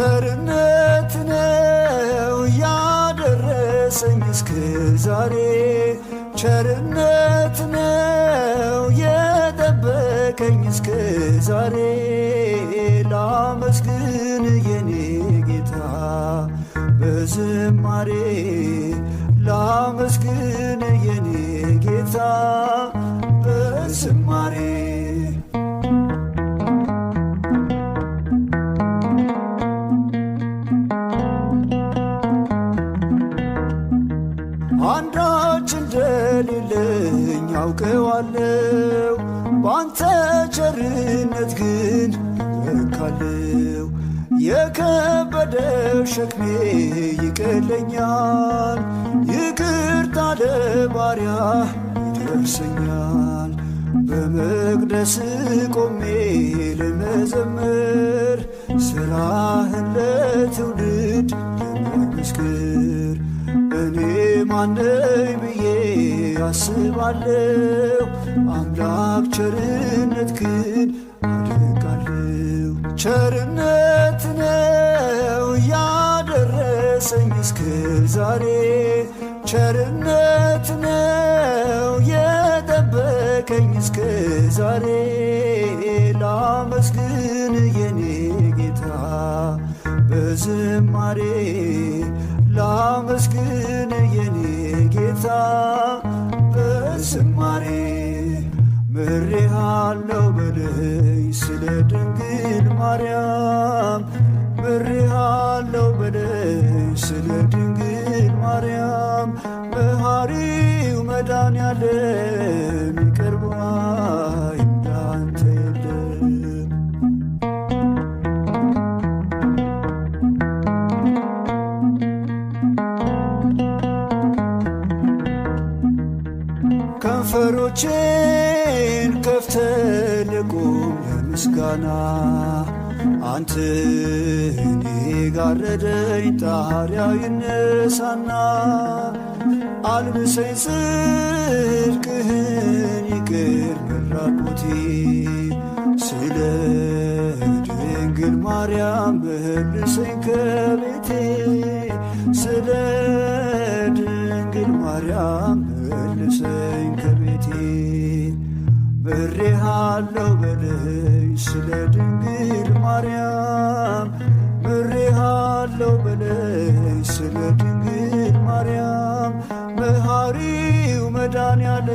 ቸርነት ነው ያደረሰኝ እስከ ዛሬ ቸርነት ነው የጠበቀኝ እስከ ዛሬ ላመስግን የኔ ጌታ በዝማሬ ላመስግን አውቀዋለው ባንተ ቸርነት ግን እካለው የከበደው ሸክሜ ይቀለኛል፣ ይቅርታ ለባሪያ ይደርሰኛል። በመቅደስ ቆሜ ለመዘመር ስራህን ለትውልድ ለማመስገር እኔ ማነኝ ብዬ አስባለሁ። አምላክ ቸርነት ግን አድርጋለሁ! ቸርነት ነው ያደረሰኝ እስከ ዛሬ ቸርነት ነው የጠበቀኝ እስከ ዛሬ ላመስግን የኔ ጌታ በዝማሬ ላመስግን የኔ ጌታ በዝማሬ ምሬሃለው በለይ ስለ ድንግል ማርያም ምሬሃለው በለይ ስለ ድንግል ማርያም መሐሪው መዳን ያለው። በሮችን ከፍተ ቁም ለምስጋና አንተ እኔ ጋረደኝ ጣሪያው ይነሳና አልብሰኝ ጽድቅህን ይቅር መራቆቴ ስለ ድንግል ማርያም መልሰኝ ከቤቴ ስለ ድንግል ማርያም ምሬሃለሁ በለይ ስለ ድንግል ማርያም ምሬሃለሁ በለይ ስለ ድንግል ማርያም መሃሪው መዳን ያለ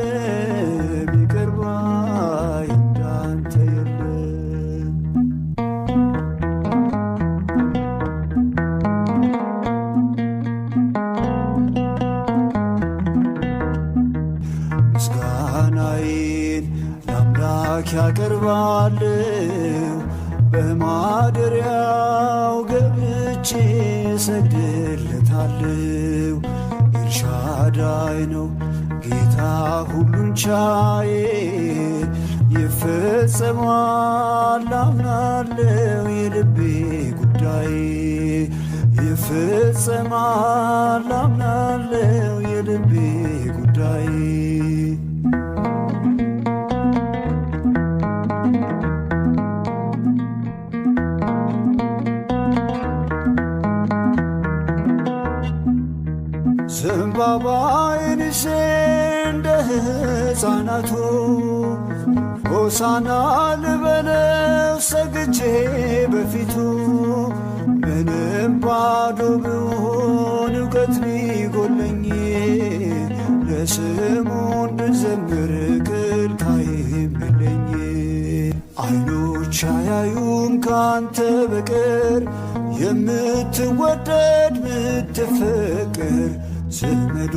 ያቀርባል። በማደሪያው ገብቼ ሰግድለታለሁ። ኤልሻዳይ ነው ጌታ ሁሉን ቻዬ፣ ይፈጸማል አምናለሁ የልቤ ጉዳይ ይፈጸማል የልቤ ጉዳይ በዘንባባ ዓይንሽ እንደ ሕፃናቱ ሆሳና ልበለው ሰግቼ በፊቱ ምንም ባዶ ብሆን እውቀት ቢጎለኝ ለስሙ እንድዘምር ክልካይ የለኝ። ዓይኖች አያዩም ካንተ በቀር የምትወደድ ምትፈቅር ዘመዶ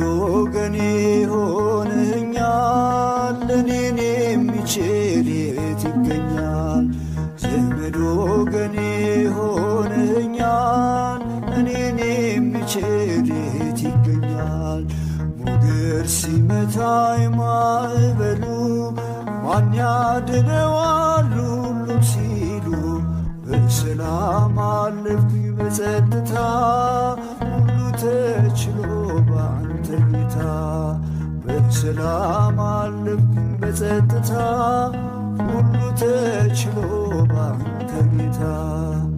ገኔ ሆነኛል እኔን የሚችል የት ይገኛል? ዘመዶ ገኔ ሆነኛል እኔን የሚችል የት ይገኛል? ሞገድ ሲመታኝ ማዕበሉ ማን ያድነዋል ሁሉም ሲሉ በሰላም አለፍኩኝ በጸጥታ አንተ ችሎ በአንተ ጌታ በሰላም አለብኝ በጸጥታ ሁሉ ተችሎ በአንተ ጌታ